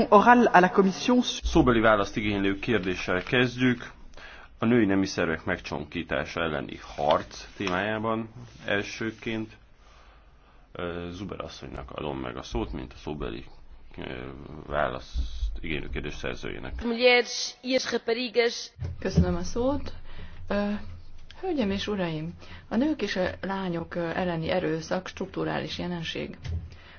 question orale à la commission. Szóbeli választ igénylő kérdéssel kezdjük. A női nemi szervek megcsonkítása elleni harc témájában elsőként Zuber asszonynak adom meg a szót, mint a szóbeli választ igénylő kérdés szerzőjének. Köszönöm a szót. Hölgyem és uraim, a nők és a lányok elleni erőszak strukturális jelenség.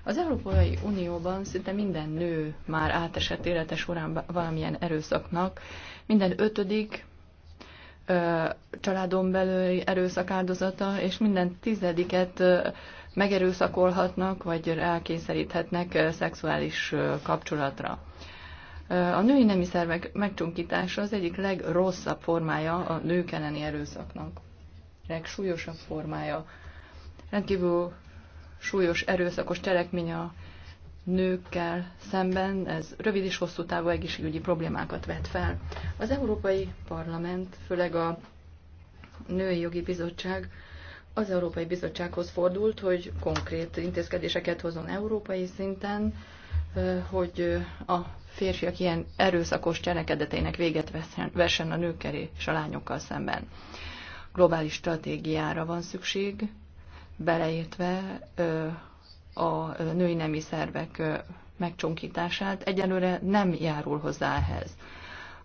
Az Európai Unióban szinte minden nő már átesett élete során valamilyen erőszaknak, minden ötödik ö, családon belüli erőszak áldozata, és minden tizediket ö, megerőszakolhatnak, vagy elkényszeríthetnek szexuális kapcsolatra. A női nemi szervek megcsunkítása az egyik legrosszabb formája a nők elleni erőszaknak. Legsúlyosabb formája. Rendkívül súlyos erőszakos cselekmény a nőkkel szemben, ez rövid és hosszú távú egészségügyi problémákat vet fel. Az Európai Parlament, főleg a Női Jogi Bizottság az Európai Bizottsághoz fordult, hogy konkrét intézkedéseket hozzon európai szinten, hogy a férfiak ilyen erőszakos cselekedeteinek véget vessen a nőkkel és a lányokkal szemben. Globális stratégiára van szükség, beleértve a női nemi szervek megcsonkítását, egyelőre nem járul hozzá ehhez.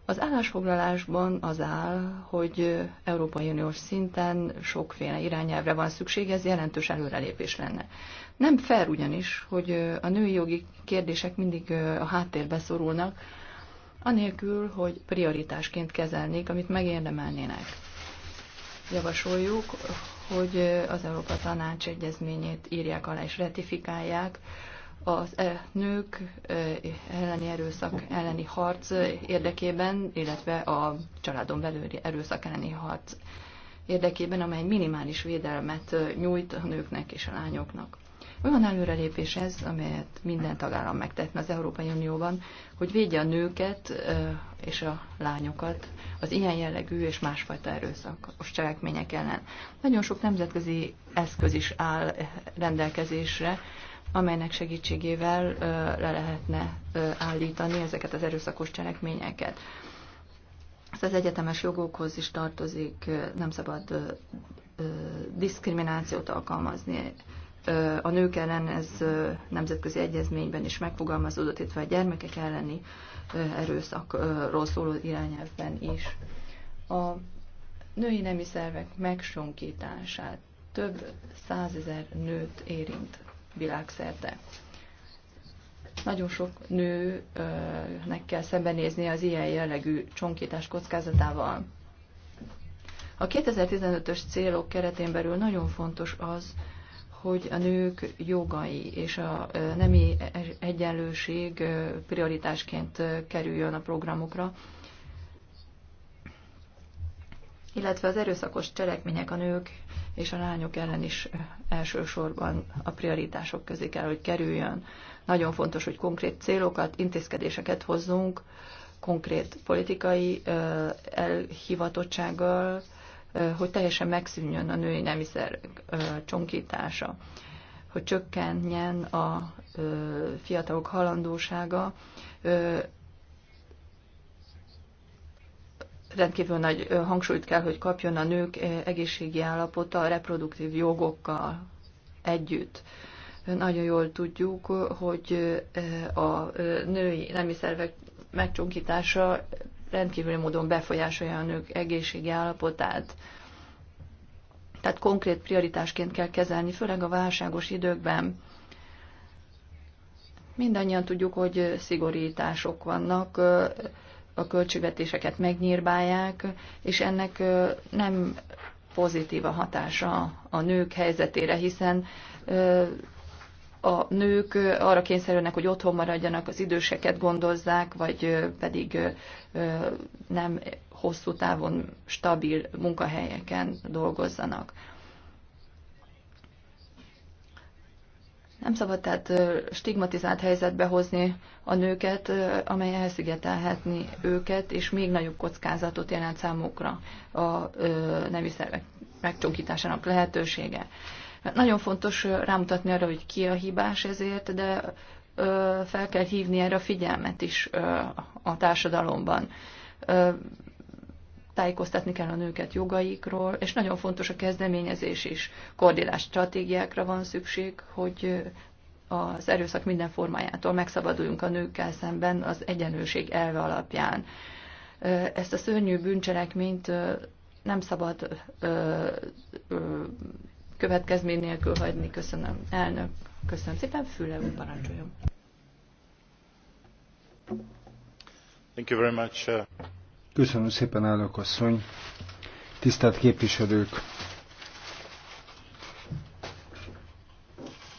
Az állásfoglalásban az áll, hogy Európai Uniós szinten sokféle irányelvre van szükség, ez jelentős előrelépés lenne. Nem fair ugyanis, hogy a női jogi kérdések mindig a háttérbe szorulnak, anélkül, hogy prioritásként kezelnék, amit megérdemelnének. Javasoljuk, hogy az Európa Tanács egyezményét írják alá és ratifikálják. Az e nők elleni erőszak elleni harc érdekében, illetve a családon belüli erőszak elleni harc érdekében, amely minimális védelmet nyújt a nőknek és a lányoknak. Olyan előrelépés ez, amelyet minden tagállam megtetne az Európai Unióban, hogy védje a nőket és a lányokat az ilyen jellegű és másfajta erőszakos cselekmények ellen. Nagyon sok nemzetközi eszköz is áll rendelkezésre, amelynek segítségével le lehetne állítani ezeket az erőszakos cselekményeket. Ez az egyetemes jogokhoz is tartozik, nem szabad diszkriminációt alkalmazni a nők ellen ez nemzetközi egyezményben is megfogalmazódott, illetve a gyermekek elleni erőszakról szóló irányelvben is. A női nemi szervek megsonkítását több százezer nőt érint világszerte. Nagyon sok nőnek kell szembenézni az ilyen jellegű csonkítás kockázatával. A 2015-ös célok keretén belül nagyon fontos az, hogy a nők jogai és a nemi egyenlőség prioritásként kerüljön a programokra, illetve az erőszakos cselekmények a nők és a lányok ellen is elsősorban a prioritások közé kell, hogy kerüljön. Nagyon fontos, hogy konkrét célokat, intézkedéseket hozzunk, konkrét politikai elhivatottsággal, hogy teljesen megszűnjön a női nemiszer csonkítása, hogy csökkenjen a fiatalok halandósága, rendkívül nagy hangsúlyt kell, hogy kapjon a nők egészségi állapota a reproduktív jogokkal együtt. Nagyon jól tudjuk, hogy a női nemiszervek szervek megcsonkítása rendkívüli módon befolyásolja a nők egészségi állapotát. Tehát konkrét prioritásként kell kezelni, főleg a válságos időkben. Mindannyian tudjuk, hogy szigorítások vannak, a költségvetéseket megnyírbálják, és ennek nem pozitív a hatása a nők helyzetére, hiszen a nők arra kényszerülnek, hogy otthon maradjanak, az időseket gondozzák, vagy pedig nem hosszú távon stabil munkahelyeken dolgozzanak. Nem szabad tehát stigmatizált helyzetbe hozni a nőket, amely elszigetelhetni őket, és még nagyobb kockázatot jelent számukra a nemi szervek megcsonkításának lehetősége. Nagyon fontos rámutatni arra, hogy ki a hibás ezért, de fel kell hívni erre a figyelmet is a társadalomban. Tájékoztatni kell a nőket jogaikról, és nagyon fontos a kezdeményezés is. Koordinált stratégiákra van szükség, hogy az erőszak minden formájától megszabaduljunk a nőkkel szemben az egyenlőség elve alapján. Ezt a szörnyű bűncselekményt nem szabad következmény nélkül hagyni. Köszönöm, elnök. Köszönöm szépen, Füle úr, parancsoljon. Thank you very much. Uh, Köszönöm szépen, elnök asszony. Tisztelt képviselők!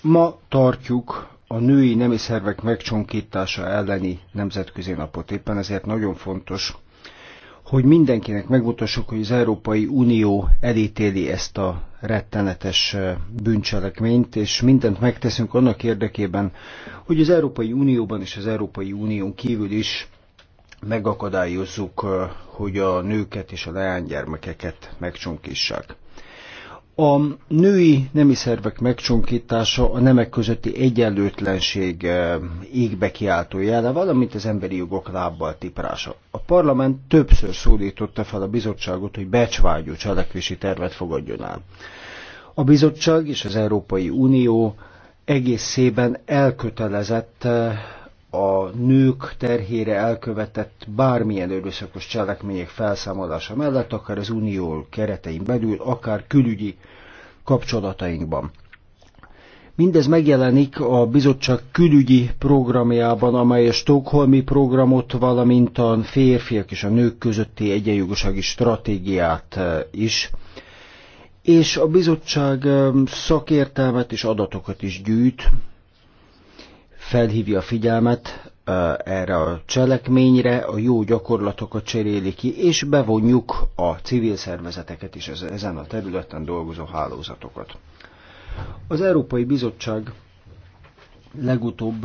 Ma tartjuk a női nemi szervek megcsonkítása elleni nemzetközi napot. Éppen ezért nagyon fontos, hogy mindenkinek megmutassuk, hogy az Európai Unió elítéli ezt a rettenetes bűncselekményt, és mindent megteszünk annak érdekében, hogy az Európai Unióban és az Európai Unión kívül is megakadályozzuk, hogy a nőket és a leánygyermekeket megcsonkítsák. A női nemi szervek megcsonkítása a nemek közötti egyenlőtlenség eh, égbe kiáltó jele, valamint az emberi jogok lábbal tiprása. A parlament többször szólította fel a bizottságot, hogy becsvágyú cselekvési tervet fogadjon el. A bizottság és az Európai Unió egészében elkötelezett eh, a nők terhére elkövetett bármilyen erőszakos cselekmények felszámolása mellett, akár az unió keretein belül, akár külügyi kapcsolatainkban. Mindez megjelenik a bizottság külügyi programjában, amely a Stockholmi programot, valamint a férfiak és a nők közötti egyenjogosági stratégiát eh, is. És a bizottság eh, szakértelmet és adatokat is gyűjt, felhívja a figyelmet erre a cselekményre, a jó gyakorlatokat cseréli ki, és bevonjuk a civil szervezeteket is ezen a területen dolgozó hálózatokat. Az Európai Bizottság legutóbb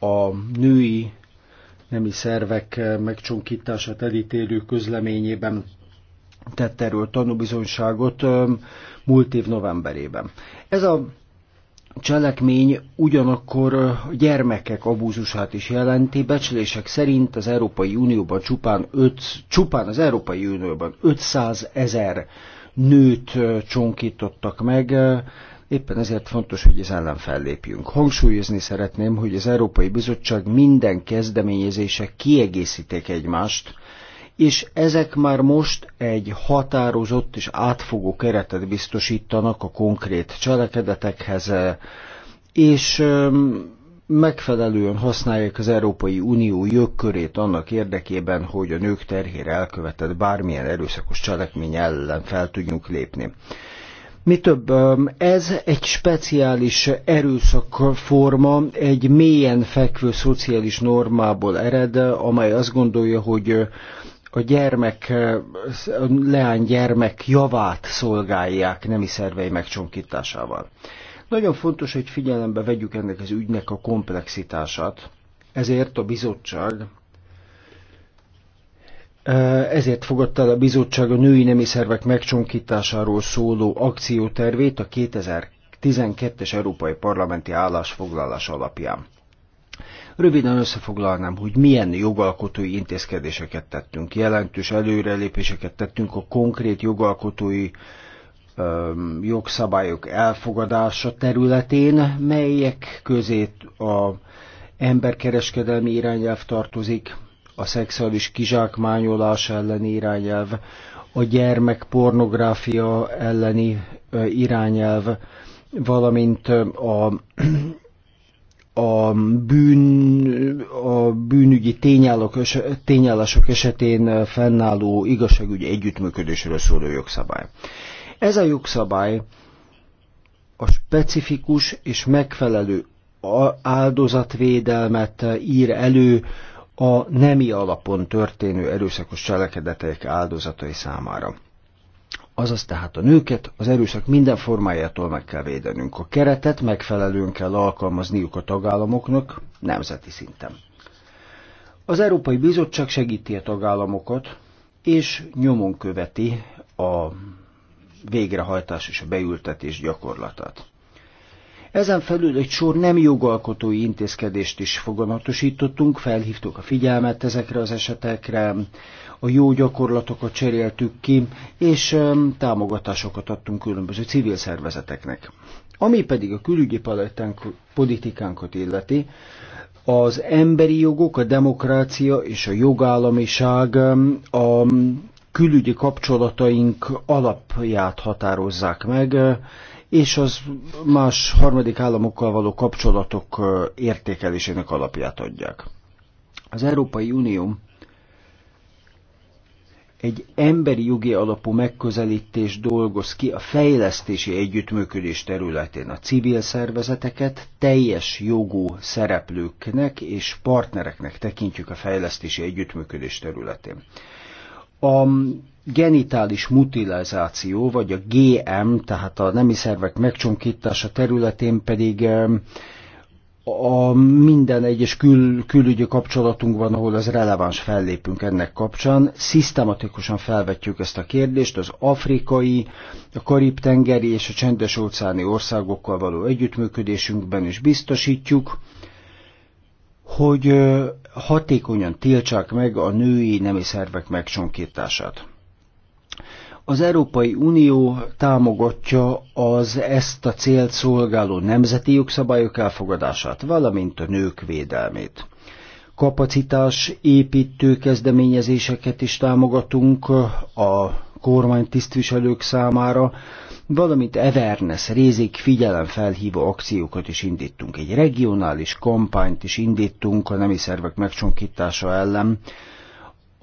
a női nemi szervek megcsonkítását elítélő közleményében tett erről tanúbizonyságot múlt év novemberében. Ez a cselekmény ugyanakkor gyermekek abúzusát is jelenti. Becslések szerint az Európai Unióban csupán, 5, csupán az Európai Unióban 500 ezer nőt csonkítottak meg, Éppen ezért fontos, hogy az ellen fellépjünk. Hangsúlyozni szeretném, hogy az Európai Bizottság minden kezdeményezése kiegészítik egymást, és ezek már most egy határozott és átfogó keretet biztosítanak a konkrét cselekedetekhez, eh, és megfelelően használják az Európai Unió jogkörét annak érdekében, hogy a nők terhére elkövetett bármilyen erőszakos cselekmény ellen fel tudjunk lépni. Mi több, ez egy speciális erőszakforma, egy mélyen fekvő szociális normából ered, amely azt gondolja, hogy a gyermek, a leánygyermek javát szolgálják nemi szervei megcsonkításával. Nagyon fontos, hogy figyelembe vegyük ennek az ügynek a komplexitását, ezért a bizottság ezért fogadta el a bizottság a női nemi szervek megcsonkításáról szóló akciótervét a 2012-es Európai Parlamenti állásfoglalás alapján. Röviden összefoglalnám, hogy milyen jogalkotói intézkedéseket tettünk. Jelentős előrelépéseket tettünk a konkrét jogalkotói öm, jogszabályok elfogadása területén, melyek közé a emberkereskedelmi irányelv tartozik, a szexuális kizsákmányolás elleni irányelv, a gyermekpornográfia elleni irányelv, valamint a a, bűn, a bűnügyi tényállások esetén fennálló igazságügyi együttműködésről szóló jogszabály. Ez a jogszabály a specifikus és megfelelő áldozatvédelmet ír elő a nemi alapon történő erőszakos cselekedetek áldozatai számára. Azaz tehát a nőket az erőszak minden formájától meg kell védenünk. A keretet megfelelően kell alkalmazniuk a tagállamoknak nemzeti szinten. Az Európai Bizottság segíti a tagállamokat, és nyomon követi a végrehajtás és a beültetés gyakorlatát. Ezen felül egy sor nem jogalkotói intézkedést is fogalmatosítottunk, felhívtuk a figyelmet ezekre az esetekre, a jó gyakorlatokat cseréltük ki, és támogatásokat adtunk különböző civil szervezeteknek. Ami pedig a külügyi palettánk, politikánkat illeti, az emberi jogok, a demokrácia és a jogállamiság a külügyi kapcsolataink alapját határozzák meg, és az más harmadik államokkal való kapcsolatok értékelésének alapját adják. Az Európai Unió egy emberi jogi alapú megközelítés dolgoz ki a fejlesztési együttműködés területén a civil szervezeteket teljes jogú szereplőknek és partnereknek tekintjük a fejlesztési együttműködés területén. A genitális mutilizáció, vagy a GM, tehát a nemi szervek megcsonkítása területén pedig a minden egyes kül, külügyi kapcsolatunk van, ahol az releváns fellépünk ennek kapcsán. Szisztematikusan felvetjük ezt a kérdést az afrikai, a karib-tengeri és a csendes-óceáni országokkal való együttműködésünkben is biztosítjuk, hogy hatékonyan tiltsák meg a női nemi szervek megcsonkítását. Az Európai Unió támogatja az ezt a célt szolgáló nemzeti jogszabályok elfogadását, valamint a nők védelmét. Kapacitás építő kezdeményezéseket is támogatunk a kormány tisztviselők számára, valamint Everness rézik figyelemfelhívó akciókat is indítunk. Egy regionális kampányt is indítunk a nemi szervek megcsonkítása ellen,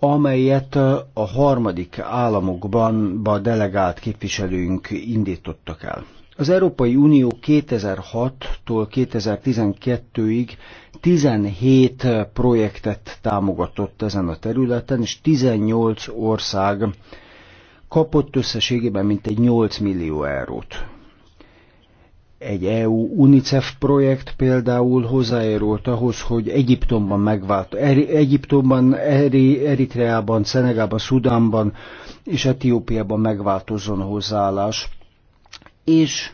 amelyet a harmadik államokban a delegált képviselőink indítottak el. Az Európai Unió 2006-tól 2012-ig 17 projektet támogatott ezen a területen, és 18 ország kapott összességében mintegy 8 millió eurót. Egy EU UNICEF projekt például hozzájárult ahhoz, hogy Egyiptomban megvált, Eri, Egyiptomban, Eri, Eritreában, Szenegában, Szudánban és Etiópiában megváltozzon a hozzáállás. És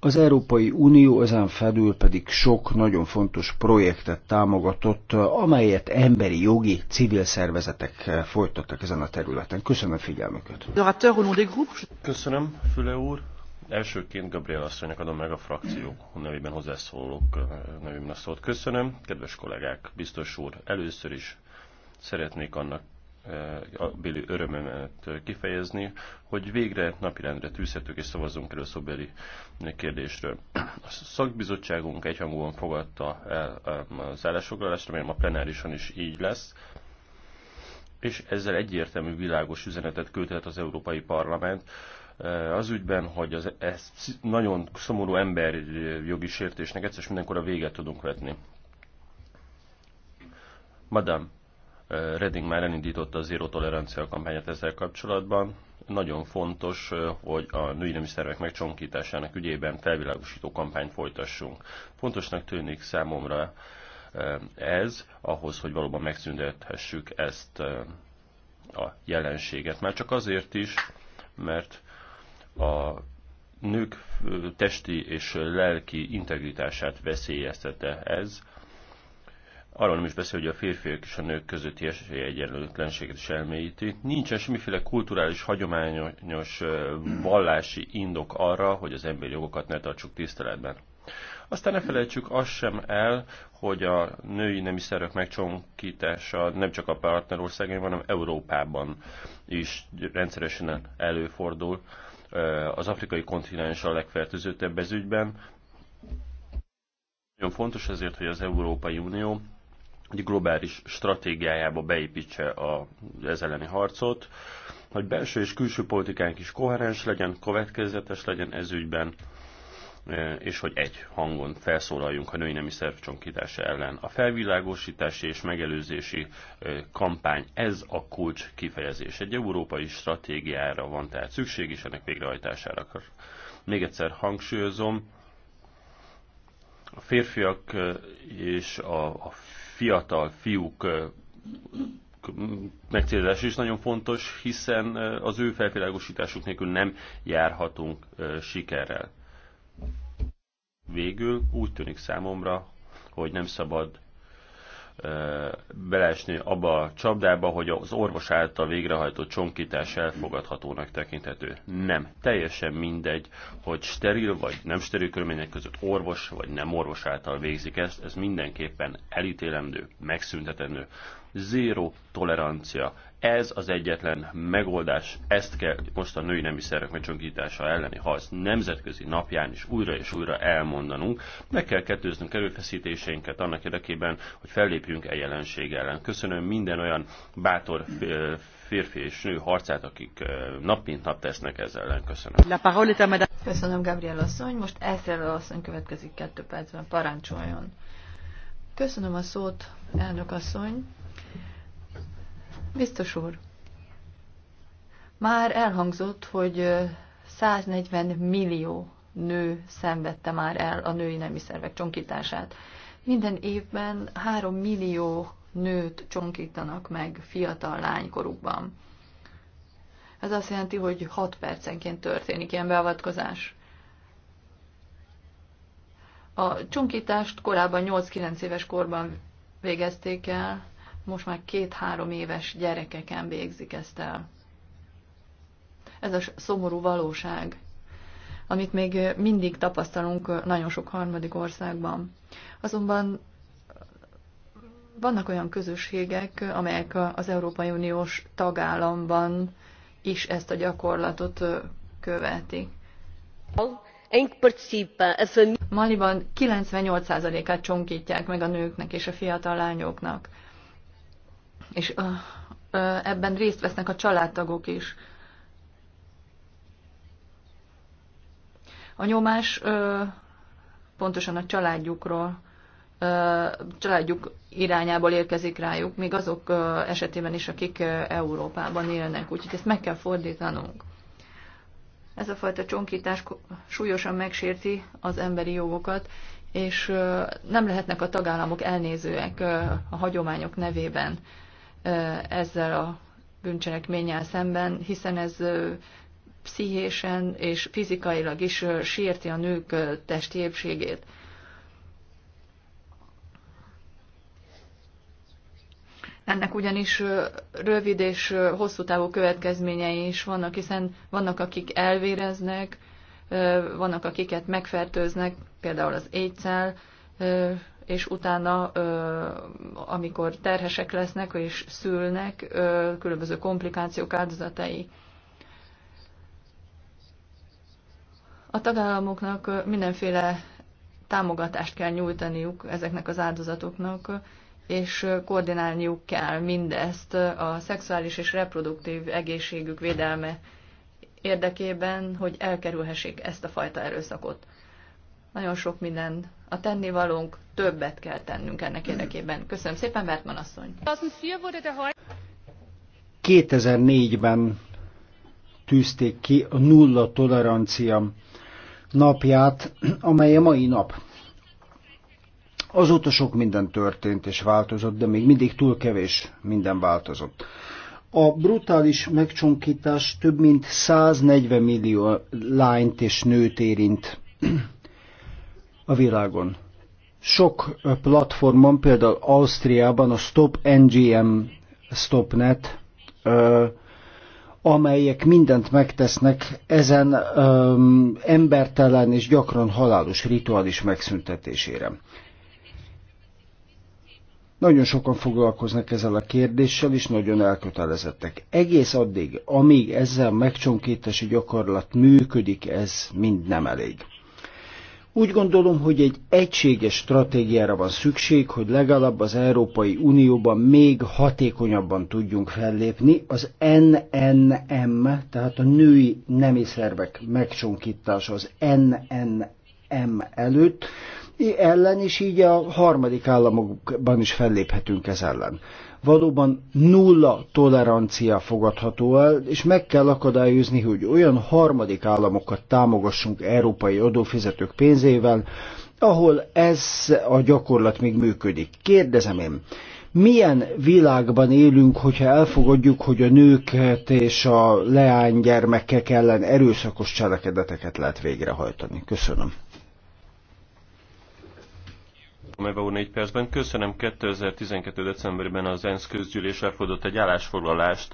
az Európai Unió ezen felül pedig sok nagyon fontos projektet támogatott, amelyet emberi jogi civil szervezetek folytattak ezen a területen. Köszönöm a figyelmüket. Köszönöm, Füle úr. Elsőként Gabriel asszonynak adom meg a frakciók nevében hozzászólók nevében a szót. Köszönöm, kedves kollégák, biztos úr, először is szeretnék annak a Béli örömömet kifejezni, hogy végre napirendre tűzhetők és szavazunk el a szobeli kérdésről. A szakbizottságunk egyhangúan fogadta el az állásfoglalást, amely a plenárisan is így lesz, és ezzel egyértelmű világos üzenetet küldhet az Európai Parlament, Eh, az ügyben, hogy az, e- ez nagyon szomorú emberjogi eh, sértésnek egyszer és mindenkor a véget tudunk vetni. Madame eh, Redding már elindította a zéró tolerancia kampányát ezzel kapcsolatban. Nagyon fontos, hogy a női nemi szervek megcsonkításának ügyében felvilágosító kampányt folytassunk. Fontosnak tűnik számomra ez, ahhoz, hogy valóban megszüntethessük ezt a jelenséget. Már csak azért is, mert a nők testi és lelki integritását veszélyeztette ez. Arról nem is beszél, hogy a férfiak és a nők közötti esélyegyenlőtlenséget is elmélyíti. Nincsen semmiféle kulturális, hagyományos, vallási indok arra, hogy az emberi jogokat ne tartsuk tiszteletben. Aztán ne felejtsük azt sem el, hogy a női nemi szervek megcsonkítása nem csak a partnerországban, hanem Európában is rendszeresen előfordul az afrikai kontinens a legfertőzöttebb ez ügyben. Nagyon fontos ezért, hogy az Európai Unió egy globális stratégiájába beépítse a, ez elleni harcot, hogy belső és külső politikánk is koherens legyen, következetes legyen ez ügyben, és hogy egy hangon felszólaljunk a női nemi szervcsonkítása ellen. A felvilágosítási és megelőzési kampány, ez a kulcs kifejezés. Egy európai stratégiára van tehát szükség, is ennek végrehajtására. Még egyszer hangsúlyozom, a férfiak és a, fiatal fiúk megcélzás is nagyon fontos, hiszen az ő felvilágosításuk nélkül nem járhatunk sikerrel. Végül úgy tűnik számomra, hogy nem szabad beleesni abba a csapdába, hogy az orvos által végrehajtott csonkítás elfogadhatónak tekinthető. Nem. Teljesen mindegy, hogy steril vagy nem steril körülmények között orvos vagy nem orvos által végzik ezt, ez mindenképpen elítélendő, megszüntetendő. Zéro tolerancia ez az egyetlen megoldás, ezt kell most a női nemi szervek megcsonkítása elleni harc nemzetközi napján is újra és újra elmondanunk. Meg kell kettőznünk erőfeszítéseinket annak érdekében, hogy fellépjünk e jelenség ellen. Köszönöm minden olyan bátor férfi és nő harcát, akik nap mint nap tesznek ezzel ellen. Köszönöm. Köszönöm, Gabriel asszony. Most Eszter asszony következik kettő percben. Parancsoljon. Köszönöm a szót, elnök asszony. Biztos úr, már elhangzott, hogy 140 millió nő szenvedte már el a női nemi szervek csonkítását. Minden évben 3 millió nőt csonkítanak meg fiatal lánykorukban. Ez azt jelenti, hogy 6 percenként történik ilyen beavatkozás. A csunkítást korábban 8-9 éves korban végezték el, most már két-három éves gyerekeken végzik ezt el. Ez a szomorú valóság, amit még mindig tapasztalunk nagyon sok harmadik országban. Azonban vannak olyan közösségek, amelyek az Európai Uniós tagállamban is ezt a gyakorlatot követik. Maliban 98%-át csonkítják meg a nőknek és a fiatal lányoknak és ebben részt vesznek a családtagok is. A nyomás pontosan a családjukról, családjuk irányából érkezik rájuk, még azok esetében is, akik Európában élnek, úgyhogy ezt meg kell fordítanunk. Ez a fajta csonkítás súlyosan megsérti az emberi jogokat, és nem lehetnek a tagállamok elnézőek a hagyományok nevében ezzel a bűncselekménnyel szemben, hiszen ez pszichésen és fizikailag is sérti a nők testi épségét. Ennek ugyanis rövid és hosszú távú következményei is vannak, hiszen vannak, akik elvéreznek, vannak, akiket megfertőznek, például az éjszel, és utána, amikor terhesek lesznek és szülnek, különböző komplikációk áldozatai. A tagállamoknak mindenféle támogatást kell nyújtaniuk ezeknek az áldozatoknak, és koordinálniuk kell mindezt a szexuális és reproduktív egészségük védelme érdekében, hogy elkerülhessék ezt a fajta erőszakot. Nagyon sok minden a tennivalónk, többet kell tennünk ennek érdekében. Köszönöm szépen, Bertman asszony. 2004-ben tűzték ki a nulla tolerancia napját, amely a mai nap. Azóta sok minden történt és változott, de még mindig túl kevés minden változott. A brutális megcsonkítás több mint 140 millió lányt és nőt érint a világon. Sok platformon, például Ausztriában a Stop NGM, Stopnet, amelyek mindent megtesznek ezen öm, embertelen és gyakran halálos rituális megszüntetésére. Nagyon sokan foglalkoznak ezzel a kérdéssel, és nagyon elkötelezettek. Egész addig, amíg ezzel megcsonkítási gyakorlat működik, ez mind nem elég. Úgy gondolom, hogy egy egységes stratégiára van szükség, hogy legalább az Európai Unióban még hatékonyabban tudjunk fellépni az NNM, tehát a női nemi szervek megcsonkítása az NNM előtt, ellen, is így a harmadik államokban is felléphetünk ez ellen valóban nulla tolerancia fogadható el, és meg kell akadályozni, hogy olyan harmadik államokat támogassunk európai adófizetők pénzével, ahol ez a gyakorlat még működik. Kérdezem én, milyen világban élünk, hogyha elfogadjuk, hogy a nőket és a leánygyermekek ellen erőszakos cselekedeteket lehet végrehajtani? Köszönöm. Romeva úr négy percben. Köszönöm 2012. decemberben az ENSZ közgyűlés elfogadott egy állásfoglalást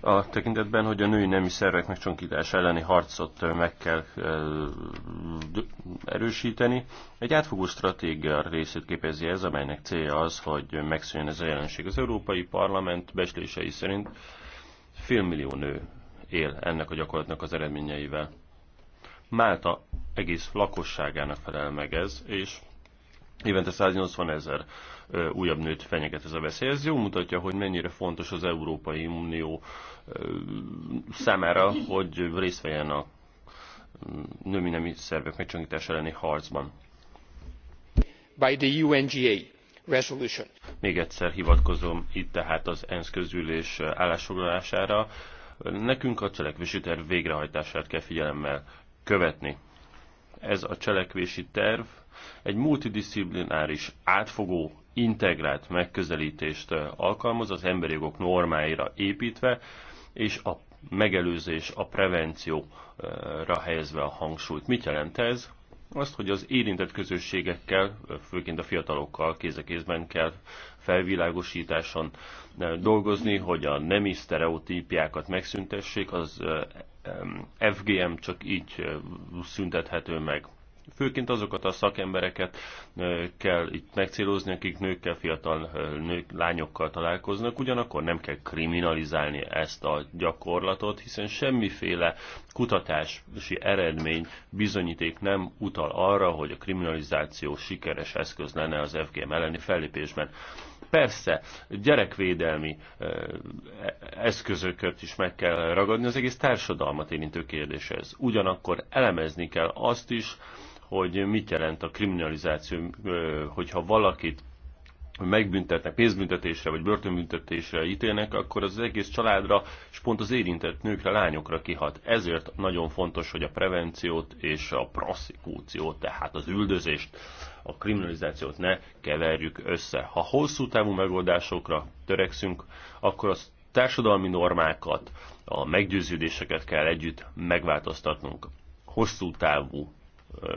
a tekintetben, hogy a női nemi szervek megcsonkítás elleni harcot meg kell erősíteni. Egy átfogó stratégia részét képezi ez, amelynek célja az, hogy megszűnjön ez a jelenség. Az Európai Parlament beslései szerint félmillió nő él ennek a gyakorlatnak az eredményeivel. Málta egész lakosságának felel meg ez, és Évente 180 ezer újabb nőt fenyeget ez a veszély. Ez jó mutatja, hogy mennyire fontos az Európai Unió számára, hogy részt vegyen a mm, nőmi nemi szervek megcsonkítása elleni harcban. By the UNGA resolution. Még egyszer hivatkozom itt tehát az ENSZ közülés állásfoglalására. Nekünk a cselekvési terv végrehajtását kell figyelemmel követni. Ez a cselekvési terv egy multidisziplináris, átfogó, integrált megközelítést eh, alkalmaz az emberi jogok normáira építve, és a megelőzés, a prevencióra eh, helyezve a hangsúlyt. Mit jelent ez? Azt, hogy az érintett közösségekkel, eh, főként a fiatalokkal kézekézben kell felvilágosításon dolgozni, hogy a nemi sztereotípiákat megszüntessék, az FGM csak így szüntethető meg főként azokat a szakembereket kell itt megcélozni, akik nőkkel, fiatal nők, lányokkal találkoznak, ugyanakkor nem kell kriminalizálni ezt a gyakorlatot, hiszen semmiféle kutatási eredmény, bizonyíték nem utal arra, hogy a kriminalizáció sikeres eszköz lenne az FGM elleni fellépésben. Persze, gyerekvédelmi e-, eszközöket is meg kell ragadni, az egész társadalmat érintő kérdés ez. Ugyanakkor elemezni kell azt is, hogy mit jelent a kriminalizáció, hogyha valakit megbüntetnek, pénzbüntetésre vagy börtönbüntetésre ítélnek, akkor az egész családra és pont az érintett nőkre, lányokra kihat. Ezért nagyon fontos, hogy a prevenciót és a proszekúciót, tehát az üldözést, a kriminalizációt ne keverjük össze. Ha hosszú távú megoldásokra törekszünk, akkor az társadalmi normákat, a meggyőződéseket kell együtt megváltoztatnunk. Hosszú távú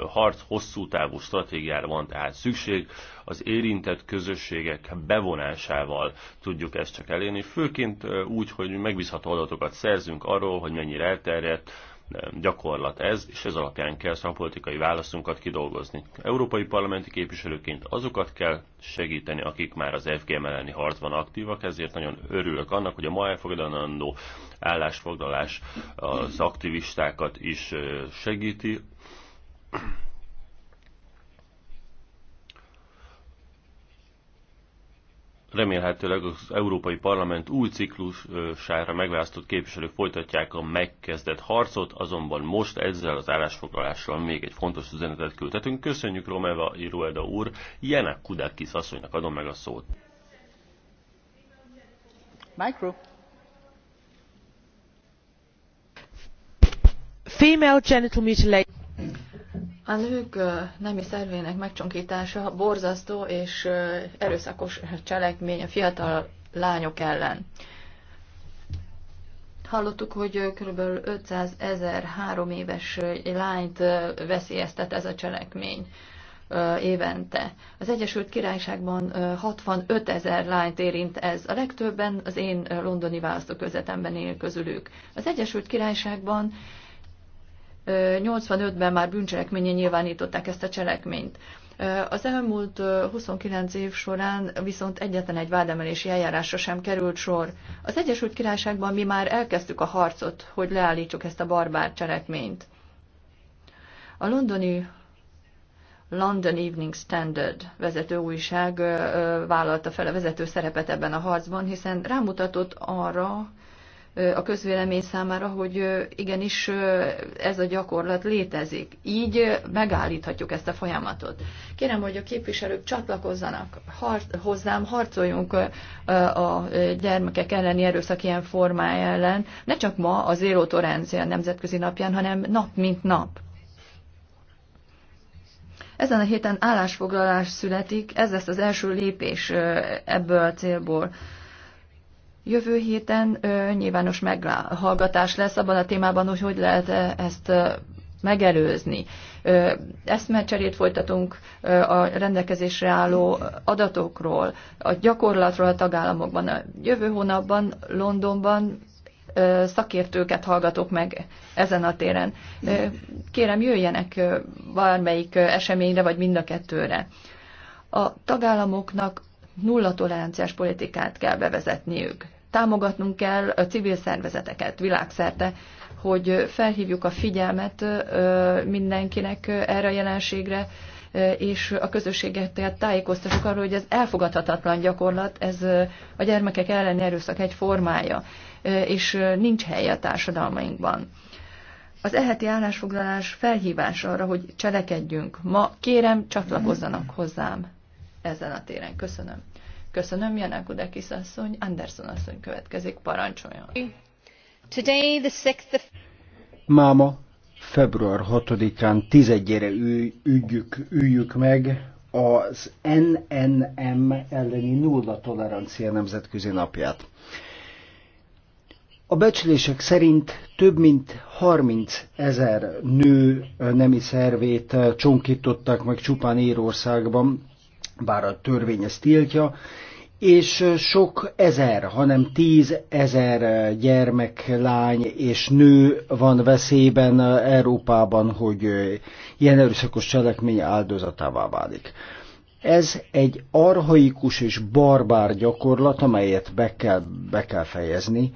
harc hosszú távú stratégiára van tehát szükség, az érintett közösségek bevonásával tudjuk ezt csak elérni, főként úgy, hogy megbízható adatokat szerzünk arról, hogy mennyire elterjedt, gyakorlat ez, és ez alapján kell politikai válaszunkat kidolgozni. Európai parlamenti képviselőként azokat kell segíteni, akik már az FGM elleni harcban aktívak, ezért nagyon örülök annak, hogy a ma elfogadandó állásfoglalás az aktivistákat is segíti, remélhetőleg az Európai Parlament új ciklusára megválasztott képviselők folytatják a megkezdett harcot, azonban most ezzel az állásfoglalással még egy fontos üzenetet küldhetünk. Köszönjük Romeva Irueda úr, Jenek Kudákis asszonynak adom meg a szót. Micro. Female genital mutilation. A nők nemi szervének megcsonkítása borzasztó és erőszakos cselekmény a fiatal lányok ellen. Hallottuk, hogy kb. 500 ezer három éves lányt veszélyeztet ez a cselekmény évente. Az Egyesült Királyságban 65 ezer lányt érint ez, a legtöbben az én londoni választókörzetemben él közülük. Az Egyesült Királyságban 85-ben már bűncselekménye nyilvánították ezt a cselekményt. Az elmúlt 29 év során viszont egyetlen egy vádemelési eljárásra sem került sor. Az Egyesült Királyságban mi már elkezdtük a harcot, hogy leállítsuk ezt a barbár cselekményt. A londoni London Evening Standard vezető újság vállalta fel a vezető szerepet ebben a harcban, hiszen rámutatott arra, a közvélemény számára, hogy igenis ez a gyakorlat létezik. Így megállíthatjuk ezt a folyamatot. Kérem, hogy a képviselők csatlakozzanak hozzám, harcoljunk a gyermekek elleni erőszak ilyen formája ellen, ne csak ma az Zéró Torencia nemzetközi napján, hanem nap mint nap. Ezen a héten állásfoglalás születik, ez lesz az első lépés ebből a célból. Jövő héten ö, nyilvános meghallgatás lesz abban a témában, hogy hogy lehet ezt ö, megelőzni. Ö, eszmecserét folytatunk ö, a rendelkezésre álló adatokról, a gyakorlatról a tagállamokban. A jövő hónapban Londonban ö, szakértőket hallgatok meg ezen a téren. Ö, kérem, jöjjenek ö, valamelyik eseményre, vagy mind a kettőre. A tagállamoknak nulla toleranciás politikát kell bevezetniük támogatnunk kell a civil szervezeteket világszerte, hogy felhívjuk a figyelmet mindenkinek erre a jelenségre, és a közösséget tájékoztassuk arról, hogy ez elfogadhatatlan gyakorlat, ez a gyermekek elleni erőszak egy formája, és nincs helye a társadalmainkban. Az eheti állásfoglalás felhívás arra, hogy cselekedjünk. Ma kérem, csatlakozzanak hozzám ezen a téren. Köszönöm. Köszönöm, Janakudakis asszony, Anderson asszony következik, parancsoljon. Today the sixth of... Máma, február 6-án 11-ére üljük, üljük meg az NNM elleni nulla tolerancia nemzetközi napját. A becslések szerint több mint 30 ezer nő nemi szervét csonkítottak meg csupán Írországban, bár a törvény ezt tiltja, és sok ezer, hanem tízezer gyermek, lány és nő van veszélyben Európában, hogy ilyen erőszakos cselekmény áldozatává válik. Ez egy arhaikus és barbár gyakorlat, amelyet be kell, be kell fejezni.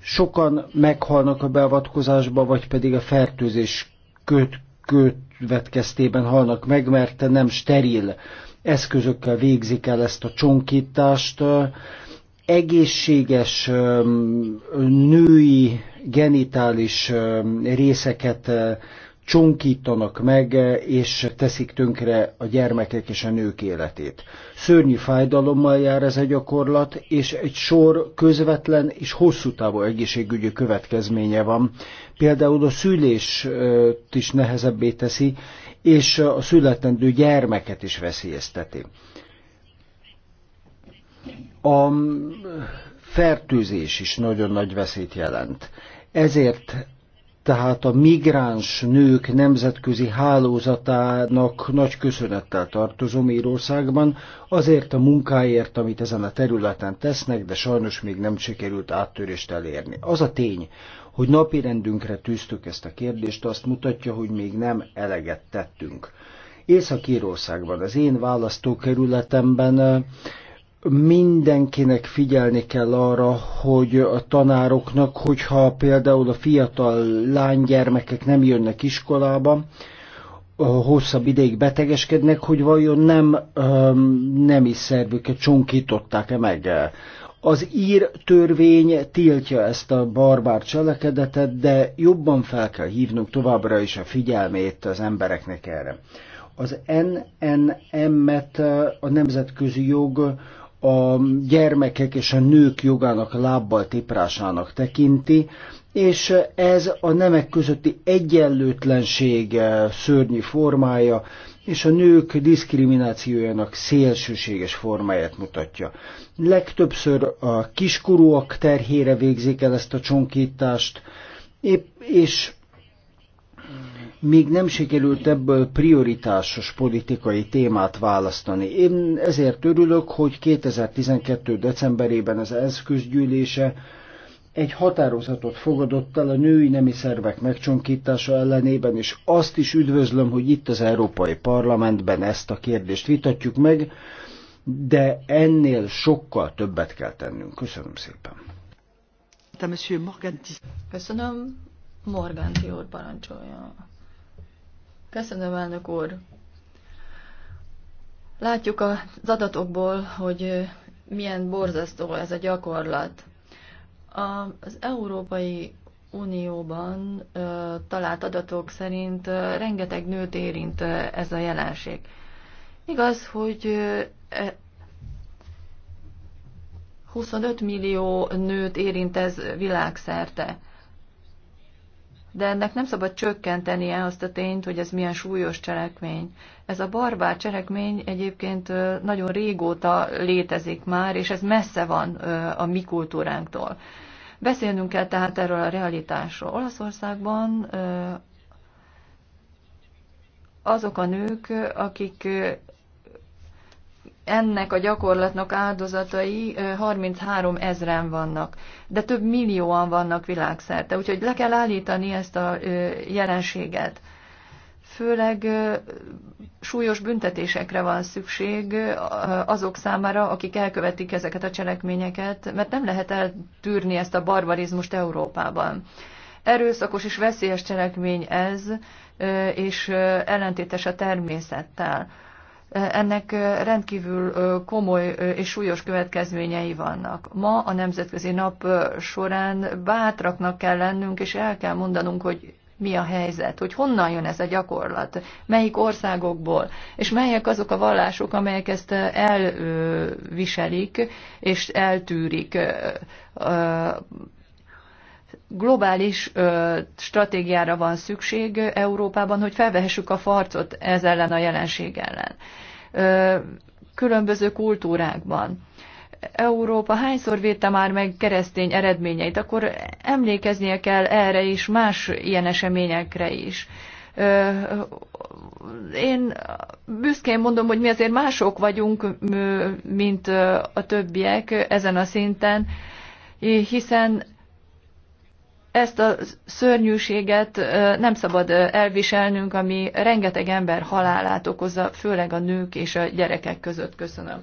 Sokan meghalnak a beavatkozásba, vagy pedig a fertőzés köt, köt, következtében halnak meg, mert nem steril eszközökkel végzik el ezt a csonkítást. Egészséges női genitális részeket csonkítanak meg, eh, és teszik tönkre a gyermekek és a nők életét. Szörnyű fájdalommal jár ez a gyakorlat, és egy sor közvetlen és hosszú távú egészségügyi következménye van. Például a szülést eh, is nehezebbé teszi, és a születendő gyermeket is veszélyezteti. A mm, fertőzés is nagyon nagy veszélyt jelent. Ezért tehát a migráns nők nemzetközi hálózatának nagy köszönettel tartozom Írországban, azért a munkáért, amit ezen a területen tesznek, de sajnos még nem sikerült áttörést elérni. Az a tény, hogy napirendünkre tűztük ezt a kérdést, azt mutatja, hogy még nem eleget tettünk. Észak-Írországban, az én választókerületemben mindenkinek figyelni kell arra, hogy a tanároknak, hogyha például a fiatal lánygyermekek nem jönnek iskolába, hosszabb ideig betegeskednek, hogy vajon nem nemi szervüket csonkították-e meg. Az ír törvény tiltja ezt a barbár cselekedetet, de jobban fel kell hívnunk továbbra is a figyelmét az embereknek erre. Az NNM-et a nemzetközi jog a gyermekek és a nők jogának lábbal tiprásának tekinti, és ez a nemek közötti egyenlőtlenség eh, szörnyű formája, és a nők diszkriminációjának szélsőséges formáját mutatja. Legtöbbször a kiskorúak terhére végzik el ezt a csonkítást, és még nem sikerült ebből prioritásos politikai témát választani. Én ezért örülök, hogy 2012. decemberében az ENSZ közgyűlése egy határozatot fogadott el a női nemi szervek megcsonkítása ellenében, és azt is üdvözlöm, hogy itt az Európai Parlamentben ezt a kérdést vitatjuk meg, de ennél sokkal többet kell tennünk. Köszönöm szépen. Köszönöm. Morganti úr parancsolja. Köszönöm, elnök úr. Látjuk az adatokból, hogy milyen borzasztó ez a gyakorlat. Az Európai Unióban talált adatok szerint rengeteg nőt érint ez a jelenség. Igaz, hogy 25 e, millió nőt érint ez világszerte de ennek nem szabad csökkentenie azt a tényt, hogy ez milyen súlyos cselekmény. Ez a barbár cselekmény egyébként nagyon régóta létezik már, és ez messze van a mi kultúránktól. Beszélnünk kell tehát erről a realitásról. Olaszországban azok a nők, akik ennek a gyakorlatnak áldozatai 33 ezren vannak, de több millióan vannak világszerte, úgyhogy le kell állítani ezt a jelenséget. Főleg súlyos büntetésekre van szükség azok számára, akik elkövetik ezeket a cselekményeket, mert nem lehet eltűrni ezt a barbarizmust Európában. Erőszakos és veszélyes cselekmény ez, és ellentétes a természettel ennek rendkívül komoly és súlyos következményei vannak. Ma a Nemzetközi Nap során bátraknak kell lennünk, és el kell mondanunk, hogy mi a helyzet, hogy honnan jön ez a gyakorlat, melyik országokból, és melyek azok a vallások, amelyek ezt elviselik és eltűrik. Globális stratégiára van szükség Európában, hogy felvehessük a farcot ez ellen a jelenség ellen különböző kultúrákban. Európa hányszor védte már meg keresztény eredményeit, akkor emlékeznie kell erre is, más ilyen eseményekre is. Én büszkén mondom, hogy mi azért mások vagyunk, mint a többiek ezen a szinten, hiszen ezt a szörnyűséget nem szabad elviselnünk, ami rengeteg ember halálát okozza, főleg a nők és a gyerekek között. Köszönöm.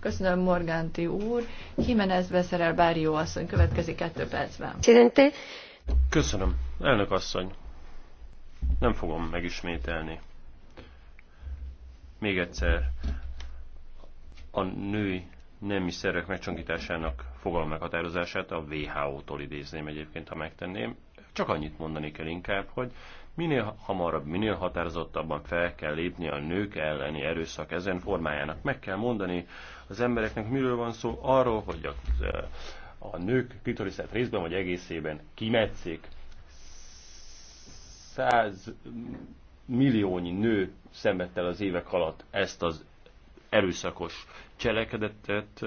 Köszönöm, Morganti úr. Jimenez Beszerel Bárió asszony következik kettő percben. Köszönöm, elnök asszony. Nem fogom megismételni. Még egyszer a női nemi szervek megcsonkításának fogalom meghatározását a WHO-tól idézném egyébként, ha megtenném. Csak annyit mondani kell inkább, hogy minél hamarabb, minél határozottabban fel kell lépni a nők elleni erőszak ezen formájának. Meg kell mondani az embereknek, miről van szó, arról, hogy a, a nők klitoriszát részben vagy egészében kimetszik. Száz milliónyi nő szenvedte az évek alatt ezt az erőszakos cselekedetet,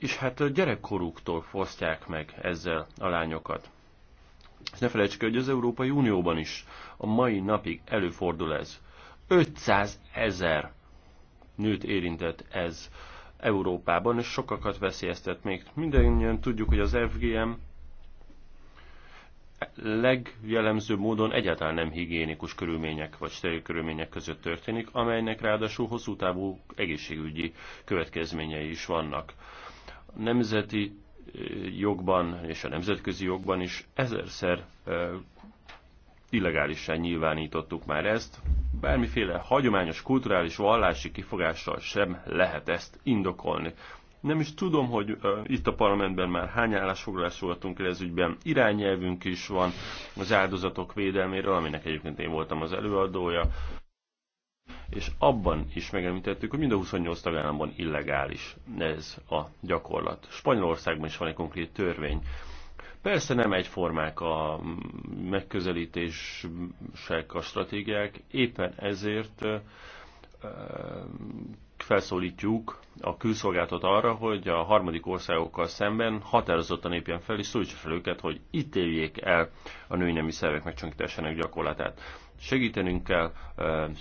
és hát gyerekkoruktól fosztják meg ezzel a lányokat. És ne felejtsük, hogy az Európai Unióban is a mai napig előfordul ez. 500 ezer nőt érintett ez Európában, és sokakat veszélyeztet még. Mindennyien tudjuk, hogy az FGM legjellemzőbb módon egyáltalán nem higiénikus körülmények vagy steril körülmények között történik, amelynek ráadásul hosszú távú egészségügyi következményei is vannak. A nemzeti eh, jogban és a nemzetközi jogban is ezerszer eh, illegálisan nyilvánítottuk már ezt. Bármiféle hagyományos, kulturális, vallási kifogással sem lehet ezt indokolni. Nem is tudom, hogy uh, itt a parlamentben már hány állásfoglalás voltunk el ez ügyben. Irányelvünk is van az áldozatok védelméről, aminek egyébként én voltam az előadója és abban is megemlítettük, hogy mind a 28 tagállamban illegális ez a gyakorlat. Spanyolországban is van egy konkrét törvény. Persze nem egyformák a megközelítések, a stratégiák, éppen ezért felszólítjuk a külszolgáltat arra, hogy a harmadik országokkal szemben határozottan épjen fel, és szólítsa fel őket, hogy ítéljék el a női nemi szervek megcsonkításának gyakorlatát segítenünk kell,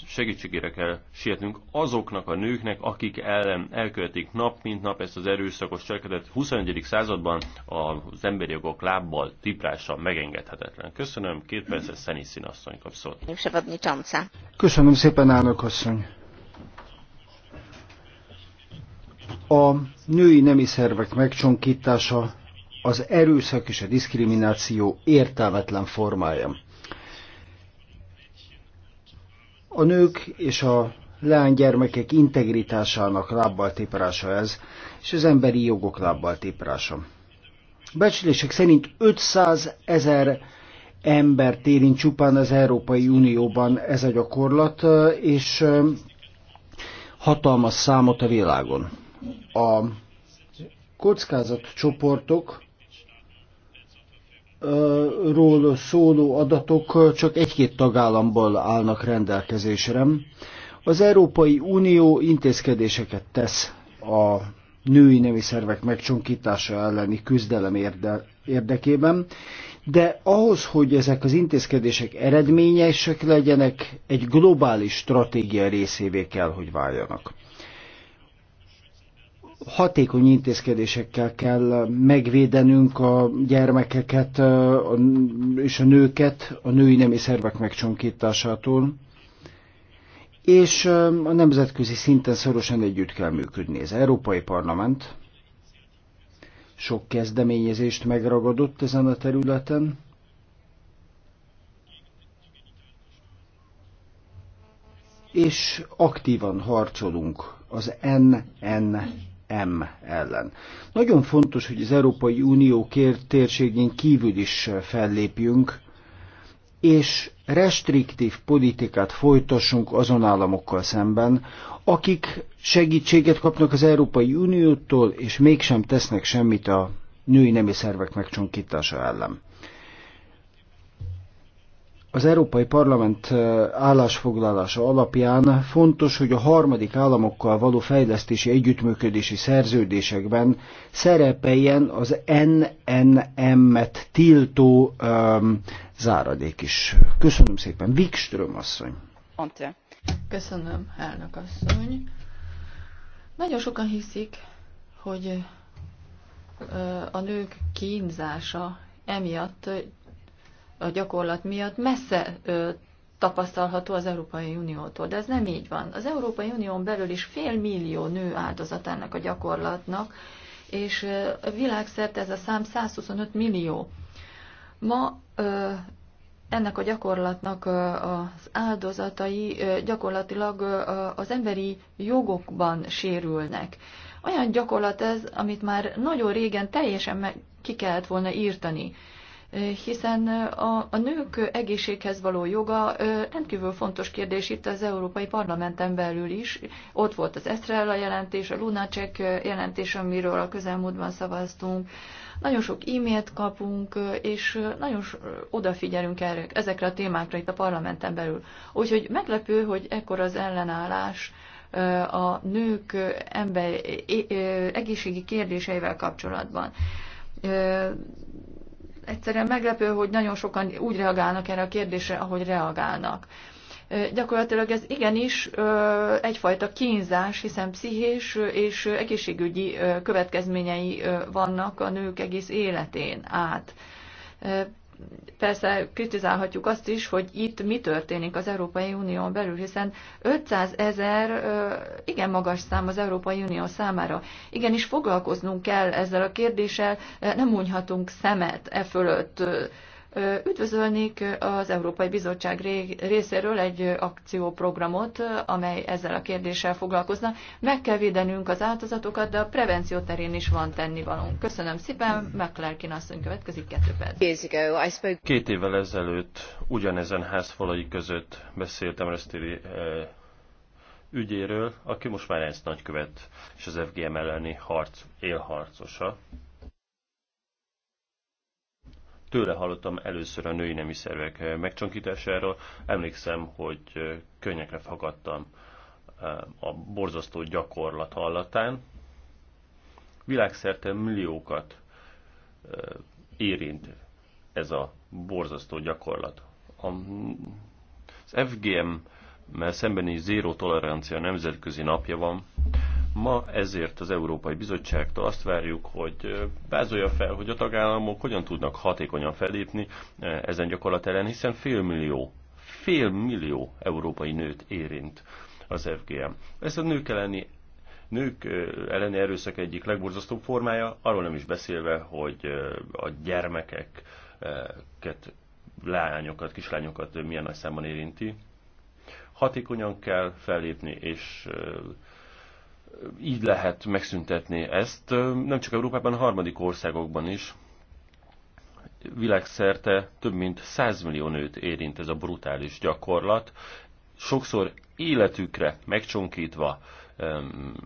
segítségére kell sietnünk azoknak a nőknek, akik ellen elkövetik nap mint nap ezt az erőszakos cselekedet. 21. században az emberi jogok lábbal tiprása megengedhetetlen. Köszönöm, két percet Szeni színasszony kap szót. Köszönöm szépen, állok asszony. A női nemi szervek megcsonkítása az erőszak és a diszkrimináció értelmetlen formája a nők és a leánygyermekek integritásának lábbal téprása ez, és az emberi jogok lábbal téprása. Becslések szerint 500 ezer ember érint csupán az Európai Unióban ez a gyakorlat, és hatalmas számot a világon. A kockázatcsoportok ról szóló adatok csak egy-két tagállamból állnak rendelkezésre. Az Európai Unió intézkedéseket tesz a női nemi szervek megcsonkítása elleni küzdelem érde, érdekében, de ahhoz, hogy ezek az intézkedések eredményesek legyenek, egy globális stratégia részévé kell, hogy váljanak. Hatékony intézkedésekkel kell megvédenünk a gyermekeket és a nőket a női nemi szervek megcsonkításától, és a nemzetközi szinten szorosan együtt kell működni. Az Európai Parlament sok kezdeményezést megragadott ezen a területen, és aktívan harcolunk az NN M ellen. Nagyon fontos, hogy az Európai Unió térségén kívül is fellépjünk, és restriktív politikát folytassunk azon államokkal szemben, akik segítséget kapnak az Európai Uniótól, és mégsem tesznek semmit a női nemi szervek megcsonkítása ellen az Európai Parlament állásfoglalása alapján fontos, hogy a harmadik államokkal való fejlesztési együttműködési szerződésekben szerepeljen az NNM-et tiltó um, záradék is. Köszönöm szépen. Wikström asszony. Köszönöm, elnök asszony. Nagyon sokan hiszik, hogy a nők kínzása emiatt a gyakorlat miatt messze tapasztalható az Európai Uniótól. De ez nem így van. Az Európai Unión belül is fél millió nő áldozat ennek a gyakorlatnak, és világszerte ez a szám 125 millió. Ma ennek a gyakorlatnak az áldozatai gyakorlatilag az emberi jogokban sérülnek. Olyan gyakorlat ez, amit már nagyon régen teljesen meg ki kellett volna írtani hiszen a, a nők egészséghez való joga rendkívül fontos kérdés itt az Európai Parlamenten belül is. Ott volt az Estrella jelentés, a Lunacek jelentés, amiről a közelmúltban szavaztunk. Nagyon sok e-mailt kapunk, és nagyon odafigyelünk erre, ezekre a témákra itt a parlamenten belül. Úgyhogy meglepő, hogy ekkor az ellenállás a nők ember egészségi kérdéseivel kapcsolatban egyszerűen meglepő, hogy nagyon sokan úgy reagálnak erre a kérdésre, ahogy reagálnak. Gyakorlatilag ez igenis egyfajta kínzás, hiszen pszichés és egészségügyi következményei vannak a nők egész életén át persze kritizálhatjuk azt is, hogy itt mi történik az Európai Unión belül, hiszen 500 ezer igen magas szám az Európai Unió számára. Igenis foglalkoznunk kell ezzel a kérdéssel, nem mondhatunk szemet e fölött Üdvözölnék az Európai Bizottság részéről egy akcióprogramot, amely ezzel a kérdéssel foglalkozna. Meg kell védenünk az áldozatokat, de a prevenció terén is van tennivalónk. Köszönöm szépen, McClarkin asszony következik kettő perc. Két évvel ezelőtt ugyanezen házfalai között beszéltem Resztéri ügyéről, aki most már ENSZ nagykövet és az FGM elleni harc élharcosa. Tőle hallottam először a női nemi szervek megcsonkításáról. Emlékszem, hogy könnyekre fakadtam a borzasztó gyakorlat hallatán. Világszerte milliókat érint ez a borzasztó gyakorlat. Az FGM mert szembeni zéró tolerancia nemzetközi napja van. Ma ezért az Európai Bizottságtól azt várjuk, hogy vázolja fel, hogy a tagállamok hogyan tudnak hatékonyan felépni ezen gyakorlat ellen, hiszen félmillió, félmillió európai nőt érint az FGM. Ez a nők elleni nők elleni erőszak egyik legborzasztóbb formája, arról nem is beszélve, hogy a gyermekeket, lányokat, kislányokat milyen nagy számban érinti. Hatékonyan kell fellépni, és így lehet megszüntetni ezt, nem csak Európában, a harmadik országokban is. Világszerte több mint 100 millió nőt érint ez a brutális gyakorlat, sokszor életükre megcsonkítva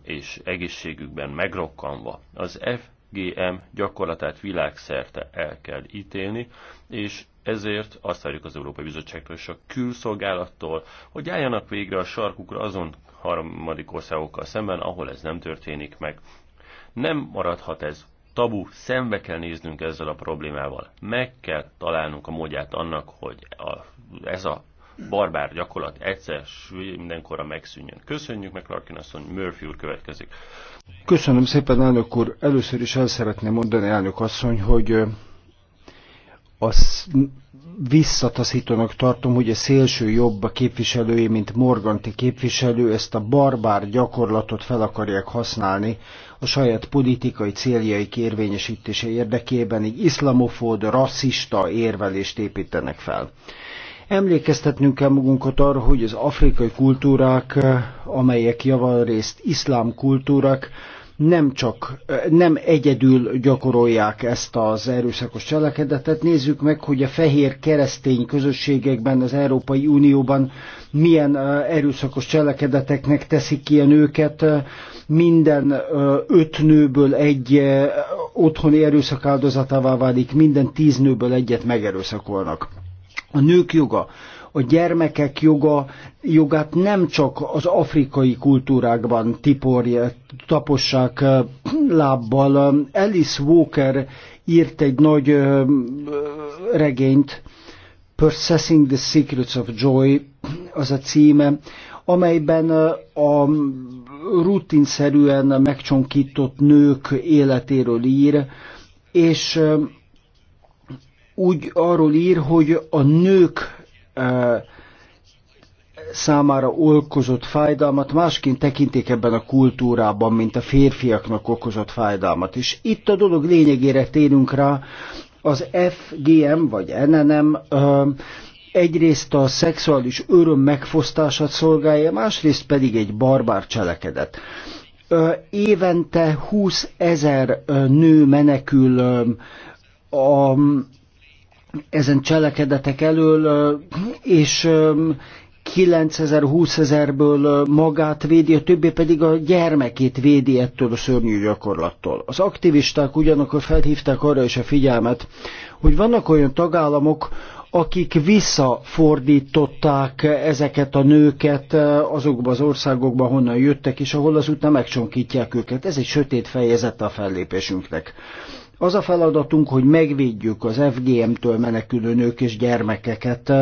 és egészségükben megrokkanva. Az FGM gyakorlatát világszerte el kell ítélni, és ezért azt várjuk az Európai Bizottságtól és a külszolgálattól, hogy álljanak végre a sarkukra azon harmadik országokkal szemben, ahol ez nem történik meg. Nem maradhat ez tabu, szembe kell néznünk ezzel a problémával. Meg kell találnunk a módját annak, hogy a, ez a barbár gyakorlat egyszer mindenkorra megszűnjön. Köszönjük meg, Larkin asszony, Murphy úr következik. Köszönöm szépen, elnök úr. Először is el szeretném mondani, elnök asszony, hogy az visszataszítónak tartom, hogy a szélső jobb képviselői, mint Morganti képviselő, ezt a barbár gyakorlatot fel akarják használni a saját politikai céljaik érvényesítése érdekében, így iszlamofód, rasszista érvelést építenek fel. Emlékeztetnünk kell magunkat arra, hogy az afrikai kultúrák, amelyek javarészt iszlám kultúrák, nem csak, nem egyedül gyakorolják ezt az erőszakos cselekedetet. Nézzük meg, hogy a fehér keresztény közösségekben, az Európai Unióban milyen erőszakos cselekedeteknek teszik ki a nőket. Minden öt nőből egy otthoni erőszak áldozatává válik, minden tíz nőből egyet megerőszakolnak. A nők joga a gyermekek joga, jogát nem csak az afrikai kultúrákban tiporja, tapossák lábbal. Alice Walker írt egy nagy regényt, Processing the Secrets of Joy, az a címe, amelyben a rutinszerűen megcsonkított nők életéről ír, és úgy arról ír, hogy a nők számára okozott fájdalmat másként tekintik ebben a kultúrában, mint a férfiaknak okozott fájdalmat. És itt a dolog lényegére térünk rá, az FGM vagy NNM egyrészt a szexuális öröm megfosztását szolgálja, másrészt pedig egy barbár cselekedet. Évente 20 ezer nő menekül a ezen cselekedetek elől, és 9000 20.000-ből magát védi, a többi pedig a gyermekét védi ettől a szörnyű gyakorlattól. Az aktivisták ugyanakkor felhívták arra is a figyelmet, hogy vannak olyan tagállamok, akik visszafordították ezeket a nőket azokba az országokba, honnan jöttek, és ahol azután megcsonkítják őket. Ez egy sötét fejezet a fellépésünknek. Az a feladatunk, hogy megvédjük az FGM-től menekülő nők és gyermekeket,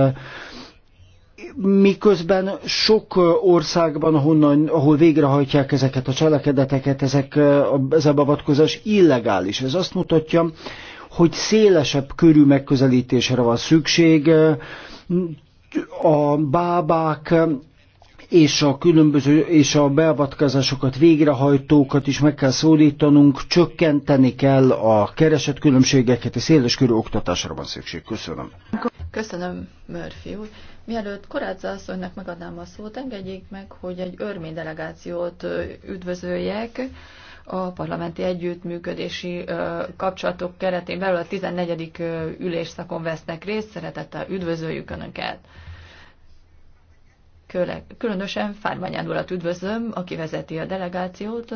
miközben sok országban, ahonnan, ahol végrehajtják ezeket a cselekedeteket, ezek, ez a beavatkozás illegális. Ez azt mutatja, hogy szélesebb körű megközelítésre van szükség. A bábák és a különböző és a beavatkozásokat végrehajtókat is meg kell szólítanunk, csökkenteni kell a keresett különbségeket, és széles körű oktatásra van szükség. Köszönöm. Köszönöm, Murphy úr. Mielőtt Korádza asszonynak megadnám a szót, engedjék meg, hogy egy örmény delegációt üdvözöljek a parlamenti együttműködési kapcsolatok keretén belül a 14. ülésszakon vesznek részt. Szeretettel üdvözöljük Önöket! Különösen Fármányán urat üdvözlöm, aki vezeti a delegációt.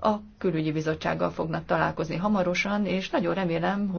A külügyi bizottsággal fognak találkozni hamarosan, és nagyon remélem,